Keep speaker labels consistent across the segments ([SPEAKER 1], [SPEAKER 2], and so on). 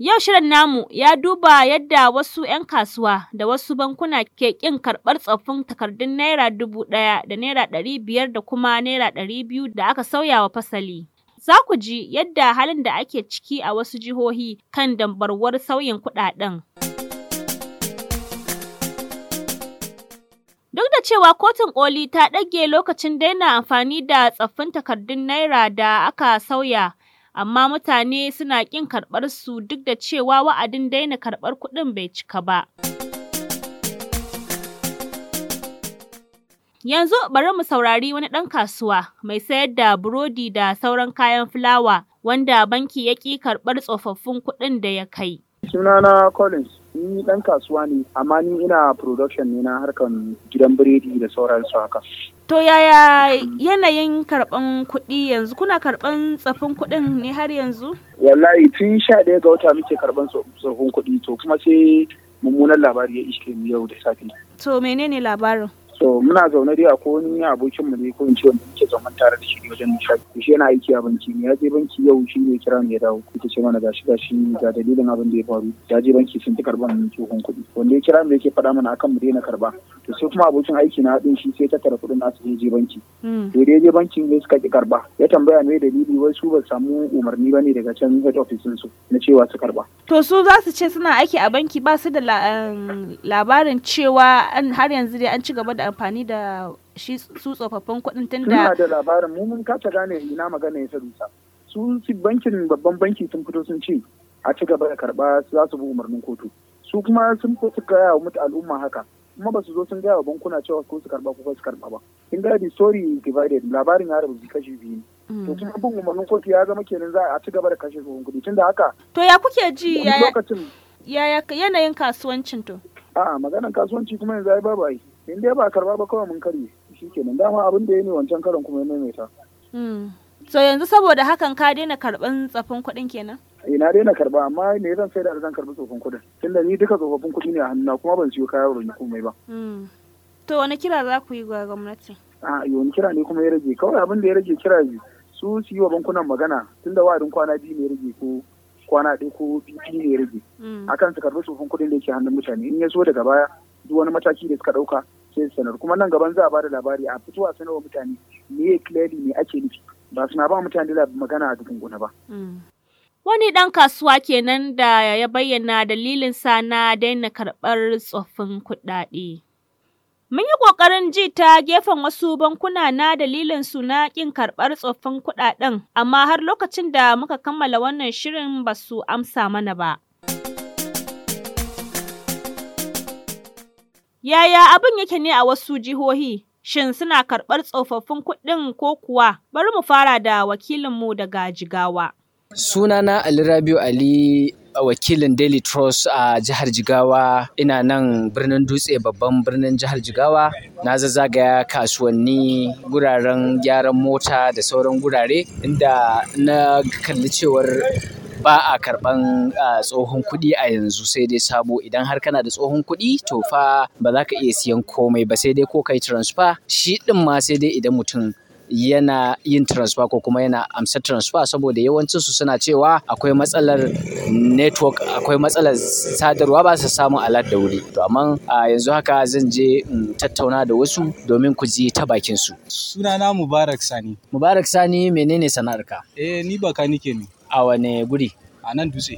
[SPEAKER 1] Yau shirin namu ya duba yadda wasu ‘yan kasuwa da wasu bankuna ke ƙin karɓar tsoffin takardun Naira dubu ɗaya da Naira ɗari biyar da kuma Naira ɗari biyu da aka sauya wa fasali. Za ku ji yadda halin da ake ciki a wasu jihohi kan dambarwar sauyin kuɗaɗen. Duk da cewa kotun koli ta ɗage lokacin daina amfani da tsoffin takardun Naira da aka sauya, amma mutane suna ƙin karɓar su duk da cewa wa'adin daina karɓar kuɗin bai cika ba. Yanzu bari mu saurari wani ɗan kasuwa mai sayar da burodi da sauran kayan fulawa wanda banki ya ƙi karɓar tsofaffin kuɗin da ya kai.
[SPEAKER 2] Sunana Collins ni dan kasuwa ne amma ni ina production ne na harkan gidan biredi da sauransu haka
[SPEAKER 1] to yaya yanayin karban kuɗi yanzu kuna karban tsafin kuɗin ne har yanzu
[SPEAKER 2] wallahi tun sha ɗaya ga wata muke karban tsafin kuɗi to kuma sai mummunan labari ya iske mu yau da safe
[SPEAKER 1] to menene labarin
[SPEAKER 2] so muna zaune dai a wani abokin mu ne ko in ce wanda muke zaman tare da shi wajen nishaɗi shi yana aiki a banki ne ya je banki yau shi ne kira ne ya dawo ita ce mana gashi gashi ga dalilin abin da ya faru ya je banki sun ta karban tsohon kuɗi wanda ya kira mu yake faɗa mana akan mu daina karba to sai kuma abokin aiki na haɗin shi sai ta tara kuɗin nasu ya je banki hmm. to da ya je bankin ne suka ki karba ya tambaya me dalili wai su ba samu umarni ba ne daga can head office su na cewa su karba
[SPEAKER 1] to su za su ce suna aiki a banki ba su da labarin cewa har yanzu dai an ci gaba da amfani da shi su tsofaffin kuɗin tun da. da
[SPEAKER 2] labarin mu mun kace gane ina magana ya sadusa. Su bankin babban banki sun fito sun ce a ci gaba da karba za su bi umarnin kotu. Su kuma sun fito su gaya wa al'umma haka. Kuma ba su zo sun gaya wa bankuna cewa ko su karɓa ko su karɓa ba. Kin ga story divided labarin ya rubuta kashi biyu mm. to kuma bin umarnin kotu ya zama kenan za a ci gaba da kashe su kuɗi tun da haka
[SPEAKER 1] to ya kuke ji ya yanayin kasuwancin to a'a maganar kasuwanci kuma
[SPEAKER 2] yanzu ai babu ai in dai ba karba ba kawai mun karye shikenan dama abin da ya ne wancan karan kuma ya maimaita
[SPEAKER 1] hmm. so yanzu saboda hakan ka daina karban tsafin kuɗin kenan
[SPEAKER 2] ina eh, daina karba amma me zan sai da zan karbi tsofin kuɗin tunda ni duka tsofaffin kuɗi ne a hannuna kuma ban siyo kaya wurin komai ba
[SPEAKER 1] hmm. to wani kira za ku yi ga gwamnati
[SPEAKER 2] a ah, eh, wani kira ne kuma ya rage kawai abin da ya rage kira su su yi wa bankunan magana tunda wa'adin kwana biyu ne ya rage ko kwana ɗaya ko biyu ne ya rage hmm. akan su karbi tsofin kuɗin da yake hannun mutane in ya so daga baya duk wani mataki da suka ɗauka sai sanar kuma nan gaban za a bada labari a fito a sanarwa mutane me ya clearly me ake nufi ba suna ba mutane magana a dukkan ba. Mm.
[SPEAKER 1] Wani ɗan kasuwa kenan da ya bayyana dalilinsa na daina karɓar tsoffin kuɗaɗe. Mun yi ƙoƙarin ji ta gefen wasu bankuna na dalilin su na ƙin karɓar tsoffin kuɗaɗen, amma har lokacin da muka kammala wannan shirin ba su amsa mana ba. Yaya abin yake ne a wasu jihohi? Shin suna karɓar tsofaffin kuɗin ko kuwa? Bari mu fara da wakilinmu daga Jigawa.
[SPEAKER 3] Sunana Ali Rabiu Ali wakilin Daily Trust a jihar Jigawa ina nan birnin dutse babban birnin jihar Jigawa na zazzagaya kasuwanni guraren gyaran mota da sauran gurare inda na kalli cewar ba a karban tsohon kuɗi a yanzu sai dai sabo idan har kana da tsohon kuɗi to fa ba za ka iya siyan komai ba sai dai ko kai transfer shi ɗin ma sai dai idan mutum yana yin transfer ko kuma yana amsa transfer saboda yawancin su suna cewa akwai matsalar network akwai matsalar sadarwa ba su samu alat da wuri to amma yanzu haka zan je tattauna da wasu domin ku ji ta bakin su
[SPEAKER 2] sunana Mubarak Sani
[SPEAKER 3] Mubarak Sani menene sana'arka eh ni baka nike ne A wane guri? A nan dutse.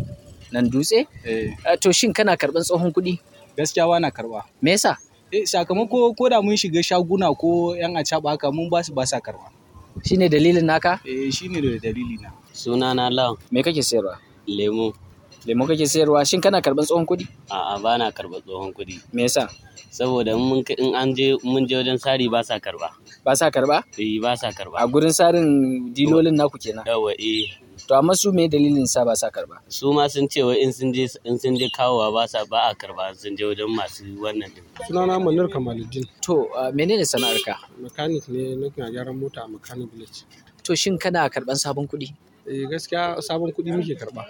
[SPEAKER 3] Nan dutse? Eh. eh to shin kana karban tsohon kuɗi? Gaskiya ba na karɓa. Me yasa? Eh, sakamako ko da mun shiga shaguna ko 'yan acaɓa haka mun ba su ba sa karɓa. Shine dalilin naka? Eh, shine da dalili na. Suna na Lawan. Me kake sayarwa? Lemo. Lemo kake sayarwa? Shin kana karban tsohon kuɗi? A'a, ba na karɓar tsohon kuɗi. Me yasa? Saboda in an je mun je wajen sari ba sa karɓa. Ba sa karɓa? Eh, ba sa karɓa. A gurin sarin dilolin naku kenan. Yawa eh. to amma su me dalilin sa ba sa karba su ma sun ce wai in sun je in sun je kawowa ba sa ba a karba sun je wajen masu wannan din sunana
[SPEAKER 4] Munir Kamaluddin to menene sana'arka mechanic ne nake gyaran mota a mechanic village to shin kana karban sabon kuɗi Eh, gaskiya sabon kuɗi muke karɓa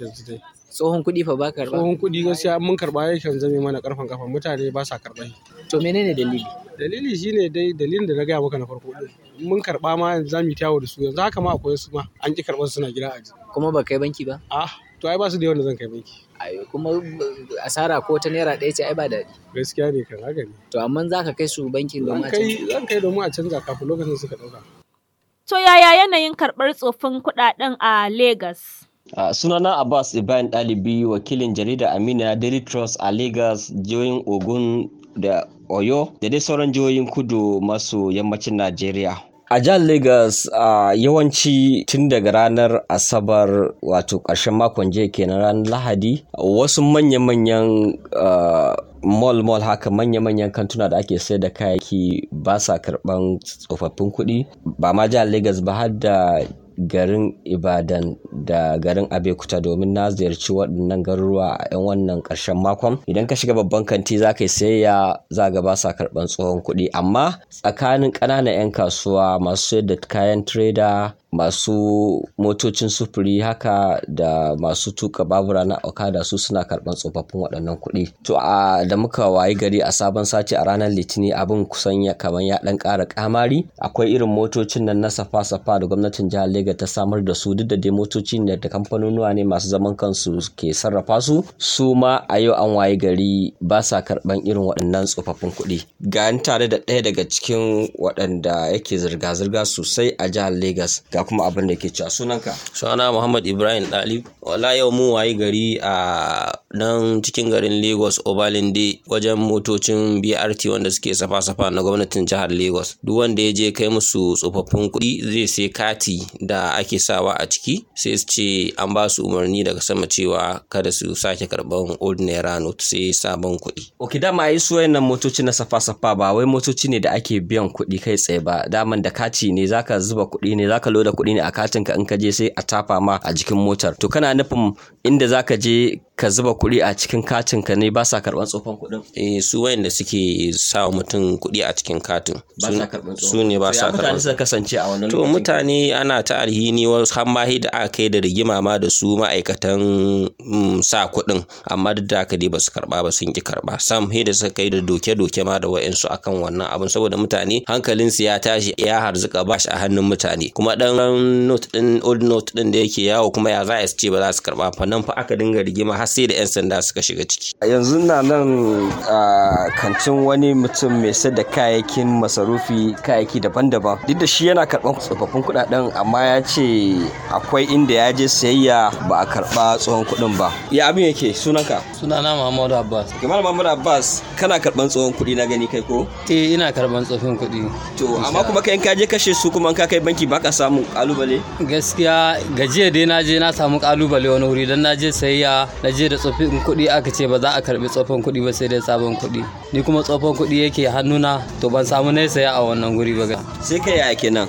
[SPEAKER 4] yanzu dai. Tsohon kuɗi fa ba karɓa? Tsohon kuɗi gaskiya mun karɓa yakan zame mana ƙarfin kafa mutane ba sa karɓa. To menene dalili? Dalili shine dai dalilin da na gaya maka na farko Mun karɓa ma yanzu zamu ta tawo da su yanzu haka ma akwai su ma an ki karɓar suna gida aji. Kuma ba kai banki ba? Ah to ai ba su
[SPEAKER 3] da yawan da zan kai banki. kuma asara ko ta naira ɗaya ce ai ba daɗi. Gaskiya ne kan haka ne. To amma za ka kai su bankin domin a canza? Zan kai domin a canza kafin lokacin suka ɗauka.
[SPEAKER 1] To yaya yanayin karɓar tsofin kuɗaɗen a Legas?
[SPEAKER 3] Uh, sunana Abbas Ibrahim ɗalibi wakilin jarida Amina Daily Trust a Legas jihohin Ogun da Oyo da dai sauran jihohin kudu maso yammacin Najeriya. A jihar Legas a yawanci tun daga ranar Asabar wato ƙarshen makon jiya kenan ranar Lahadi wasu manya-manyan mall-mall haka manya-manyan kantuna da ake sayar da kayayyaki ba sa karɓan tsofaffin kuɗi ba ma jihar Legas ba har da garin Ibadan da garin abekuta domin na ziyarci waɗannan garuruwa a 'yan wannan ƙarshen makon. Idan ka shiga babban kanti za ka yi sayayya za ga ba sa karɓan tsohon kuɗi amma tsakanin ƙananan 'yan kasuwa masu sayar da kayan tireda masu motocin sufuri haka da masu tuka babura na okada su suna karɓan tsofaffin waɗannan kuɗi to a da muka wayi gari a sabon sati a ranar litinin abin kusan ya kamar ya ɗan ƙara ƙamari akwai irin motocin nan na safa safa da gwamnatin jihar Legas ta samar da su duk da dai motoci ne da kamfanonuwa ne masu zaman kansu ke sarrafa su su ma a yau an wayi gari ba sa karɓan irin waɗannan tsofaffin kuɗi ga tare da ɗaya daga cikin waɗanda yake zirga-zirga sosai a jihar Legas ga kuma abin da ke cewa sunanka sunana muhammad ibrahim dalib wala yau mun wayi gari a nan cikin garin lagos obalinde wajen motocin brt wanda suke safa-safa na gwamnatin jihar lagos duk wanda ya je kai musu tsofaffin kuɗi zai sai kati da ake sawa a ciki sai su ce an ba su umarni daga sama cewa kada su sake karɓan old naira note sai sabon kuɗi ok dama yi su wayannan motoci na safa-safa ba wai motoci ne da ake biyan kuɗi kai tsaye ba daman da kati ne zaka zuba kuɗi ne zaka loda da kuɗi ne a katin ka in ka je sai a tafa ma a jikin motar to kana nufin inda za ka je ka zuba kuɗi a cikin katin ka ne ba sa karɓan tsofan kuɗin eh su wayanda suke sa mutum kuɗi a cikin katin su ne ba sa karɓan mutane kasance a wannan to mutane ana ta alhini wasu har da aka kai da rigima ma da su ma'aikatan mm, sa kuɗin amma duk da haka dai ba su karɓa ba sun ki karɓa sam he da suka kai da doke-doke ma da wa'insu akan wannan abin saboda mutane hankalin su ya tashi ya harzuka bash a hannun mutane kuma dan note din old note din da yake yawo kuma ya za su ce ba za su karɓa fa nan fa aka dinga rigima har sai da 'yan sanda suka shiga ciki. yanzu na nan kantin wani mutum mai sayar da kayayyakin masarufi kayayyaki daban-daban duk da shi yana karɓan tsofaffin kuɗaɗen amma ya ce akwai inda ya je sayayya ba a karɓa tsohon kuɗin ba ya abin yake sunanka sunana muhammadu abbas kamar muhammadu abbas kana karban tsohon kuɗi na gani kai ko eh ina karban tsofin kuɗi to amma kuma kai in ka je kashe su kuma ka kai banki baka samu kalubale gaskiya gajiya dai na je na samu kalubale wani wuri dan na je sayayya na je da tsofin kuɗi aka ce ba za a karbi tsofin kuɗi ba sai dai sabon kuɗi ni kuma tsofin kuɗi yake hannuna to ban samu na saya a wannan guri ba sai kai ya kenan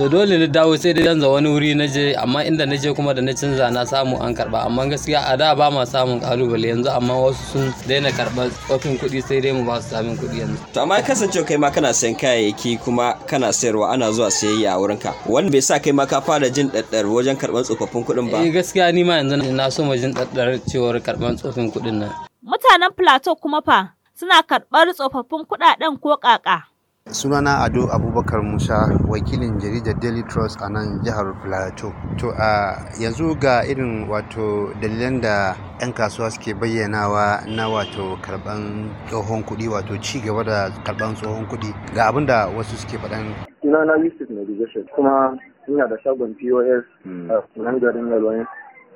[SPEAKER 3] to dole na dawo sai dai zanza wani wuri na je amma inda na je kuma da na canza na samu an karba amma gaskiya a da ba ma samun kalubale yanzu amma wasu sun daina karba ofin kuɗi sai dai mu ba su samun kuɗi yanzu. to amma kasancewa kai ma kana sayan kayayyaki kuma kana sayarwa ana zuwa sayayya a wurin ka wanda bai sa kai ma ka fara jin daddar wajen karɓar tsofaffin kuɗin ba. eh gaskiya ni ma yanzu na so ma jin daddar cewar karɓar tsofin kuɗin nan.
[SPEAKER 1] mutanen plateau kuma fa suna karɓar tsofaffin kuɗaɗen ko ƙaƙa.
[SPEAKER 3] Sunana Ado Abubakar Musa, wakilin jaridar Daily Trust a nan jihar Plateau. To a yanzu ga irin wato dalilan da 'yan kasuwa suke bayyanawa na wato karban tsohon kuɗi wato ci gaba da karban tsohon kuɗi ga abin da wasu suke faɗan.
[SPEAKER 2] Sunana Yusuf Navigation kuma ina da shagon POS hmm. a nan garin Yalwayin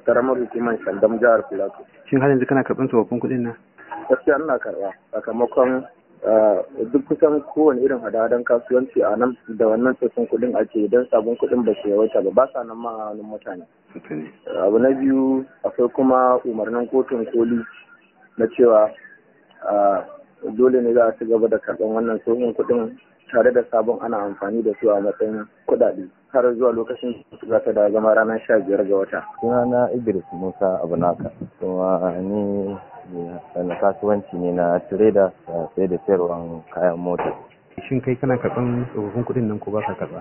[SPEAKER 2] karamar hukumar Sandam jihar
[SPEAKER 1] Plateau. Shin har yanzu kana karban tsohon kuɗin na?
[SPEAKER 2] Gaskiya ina karba sakamakon Eh, duk kusan kowane irin hada kasuwanci a nan da wannan sassan kuɗin ake idan sabon kuɗin ba su yawaita ba ba sa nan ma hannun mutane. Abu na biyu akwai kuma umarnin kotun koli na cewa eh, dole ne za a ci gaba da karɓar wannan tsohon kuɗin tare da sabon ana amfani da su a matsayin kuɗaɗe har zuwa lokacin za ta da zama ranar sha biyar ga wata.
[SPEAKER 3] Sunana Idris Musa naka kuma ni Eh, na kasuwanci ne na trader da eh, sai da sayarwan
[SPEAKER 2] kayan mota shin kai kana karɓan tsofaffin kuɗin nan ko ba ka karɓa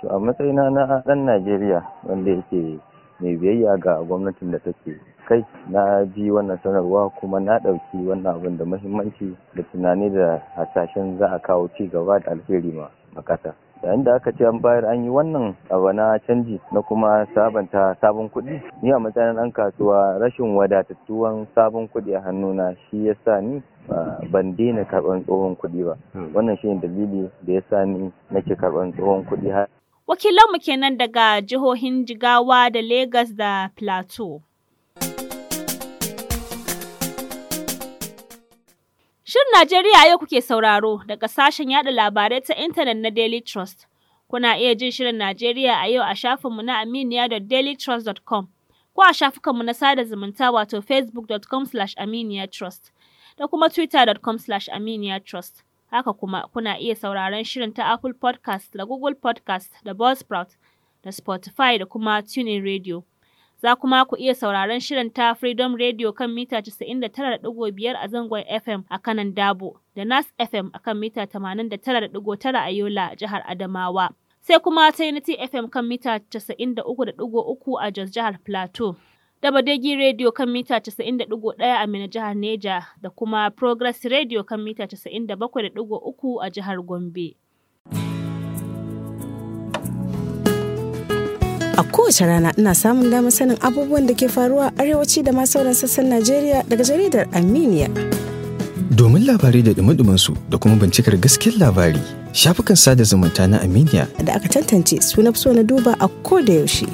[SPEAKER 3] to a matsayina na ɗan najeriya wanda yake mai biyayya ga gwamnatin da take kai na ji wannan sanarwa kuma na ɗauki wannan abin da muhimmanci da tunani da hasashen za a kawo ci gaba
[SPEAKER 2] da alheri ma
[SPEAKER 3] makata. yayin da aka ce an bayar an yi wannan abu na canji na kuma sabanta sabon kuɗi ni a matsayin ɗan kasuwa rashin wadatattuwan sabon kuɗi a hannuna shi ya sa ni ban daina karɓar tsohon kuɗi ba hmm. wannan shi dalili da ya sa ni nake karɓar tsohon kuɗi har
[SPEAKER 1] wakilanmu kenan daga jihohin jigawa da Legas da plateau Shirin Najeriya yau kuke sauraro daga sashen yada labarai ta intanet na Daily Trust. Kuna iya jin Shirin Najeriya a yau a shafinmu na aminiya.dailytrust.com ko a shafukanmu na sada zumunta wato facebookcom aminiyatrust da kuma twittercom aminiyatrust. Haka kuma kuna iya sauraron shirin ta Apple podcast da Google podcast da Buzzsprout da Spotify da kuma Tuning Radio. Za kuma ku iya sauraron shirin ta Freedom Radio kan mita 99.5 a zangon FM a kanan Dabo da Nas FM a kan mita 89.9 a Yola, jihar Adamawa. Sai kuma ta Unity FM kan mita 93.3 a Jos jihar Plateau. Dabadegi Badegi Radio kan mita 91.1 a Mina jihar Neja da kuma Progress Radio kan mita 97.3 a jihar Gombe. A kowace rana ina samun damar sanin abubuwan da ke faruwa arewaci da ma sauran sassan Najeriya daga jaridar armenia.
[SPEAKER 3] Domin labarai da dumi su da kuma bincikar gaskiyar labari, shafukan sada zumunta na armenia.
[SPEAKER 1] da aka tantance suna so na duba a ko da yaushe.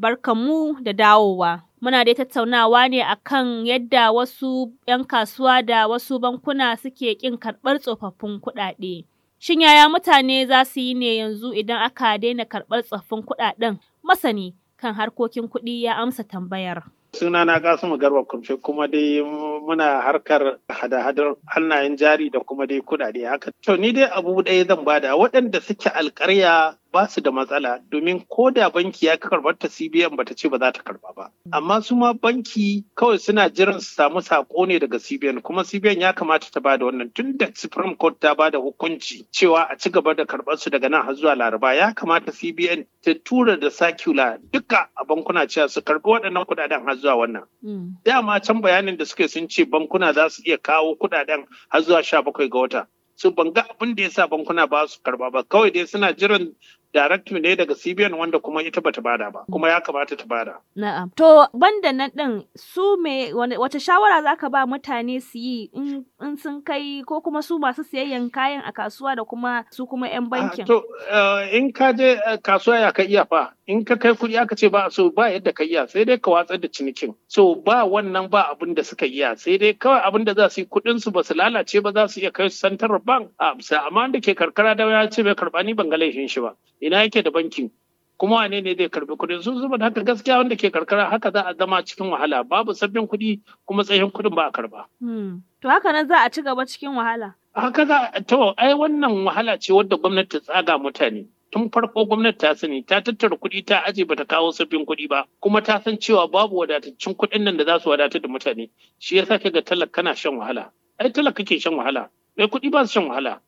[SPEAKER 1] Barkanmu da dawowa. muna da tattaunawa ne a kan yadda wasu 'yan kasuwa da wasu bankuna suke ƙin karɓar tsofaffin kuɗaɗe. Shin yaya mutane za su yi ne yanzu idan aka daina karɓar tsoffin kuɗaɗen? Masani kan harkokin kuɗi ya amsa tambayar.
[SPEAKER 4] suna Sunana mu Garba Kumshe kuma dai muna harkar hada-hadar hannayen jari da kuma dai kuɗaɗe haka. To ni dai abu ɗaya zan bada waɗanda suke alƙarya ba su da matsala domin ko da banki ya karbar ta CBN bata ce ba za ta karba ba. Mm. Amma su ma banki kawai suna jiran su samu sako ne daga CBN kuma CBN ya kamata ta bada wannan tun da Supreme Court ta bada hukunci cewa a ci gaba da karbar su daga nan har zuwa Laraba ya kamata CBN ta tura da circular duka a bankuna cewa su karbi waɗannan kuɗaɗen har zuwa wannan. Mm. Dama can bayanin da suke sun ce bankuna za su iya kawo kuɗaɗen har zuwa sha bakwai ga wata. su ban ga abin da ya sa bankuna ba su karba ba kawai dai suna jiran director ne daga CBN wanda kuma ita bata bada ba kuma ya kamata ta bada.
[SPEAKER 1] Na'am. To banda nan ɗin su me wata shawara za ka ba mutane su yi in sun kai ko kuma su masu siyayyan kayan a kasuwa da kuma su kuma 'yan ah, bankin. To
[SPEAKER 4] eh, in ka je eh, kasuwa ya ka iya fa in ka kai kuɗi aka ce ba so ba yadda ka iya sai dai ka watsar da cinikin. So ba wannan ba abin da suka iya sai dai kawai abin da za su yi kuɗin su ba su lalace ba za su iya kai su santar bank. Ah, amma da ke karkara da ya ce bai karɓa ni ban ga laifin shi ba. ina yake da bankin kuma wane ne zai karbi kuɗin su da haka gaskiya wanda ke karkara haka za a zama cikin wahala babu sabbin kuɗi kuma tsayin kuɗin ba a karba.
[SPEAKER 1] Hmm. To haka nan za a ci gaba cikin wahala.
[SPEAKER 4] Haka za to ai wannan wahala ce wadda gwamnati ta tsaga mutane. Tun farko gwamnati ta sani ta tattara kuɗi ta aje bata kawo sabbin kuɗi ba kuma ta san cewa babu wadataccen kuɗin nan da za su wadatar da mutane shi yasa kaga talaka kana shan wahala. Ai talaka kake shan wahala. Mai kuɗi ba su shan wahala.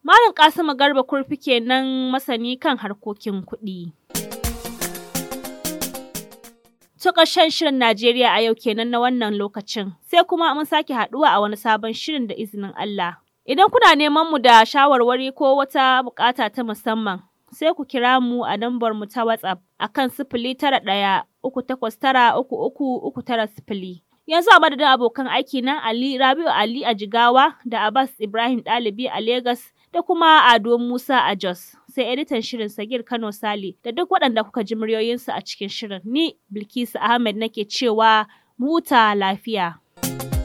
[SPEAKER 1] Malam Kasimu Garba Kurfi kenan masani kan harkokin kuɗi. To ƙarshen shirin Najeriya a yau kenan na wannan lokacin, sai kuma mun sake haɗuwa a wani sabon shirin da izinin Allah. Idan kuna neman mu da shawarwari ko wata buƙata ta musamman, sai ku kira mu a lambar mu ta WhatsApp a kan sifili tara ɗaya uku takwas tara uku uku uku tara sifili. Yanzu a madadin abokan aiki na Ali Rabi'u Ali a Jigawa da Abbas Ibrahim ɗalibi a Legas. da kuma Ado Musa a Jos. Sai editan shirin Sagir Kano sali da duk waɗanda kuka ji muryoyinsu a cikin shirin. Ni Bilkisu Ahmed nake cewa lafiya. thank lafiya.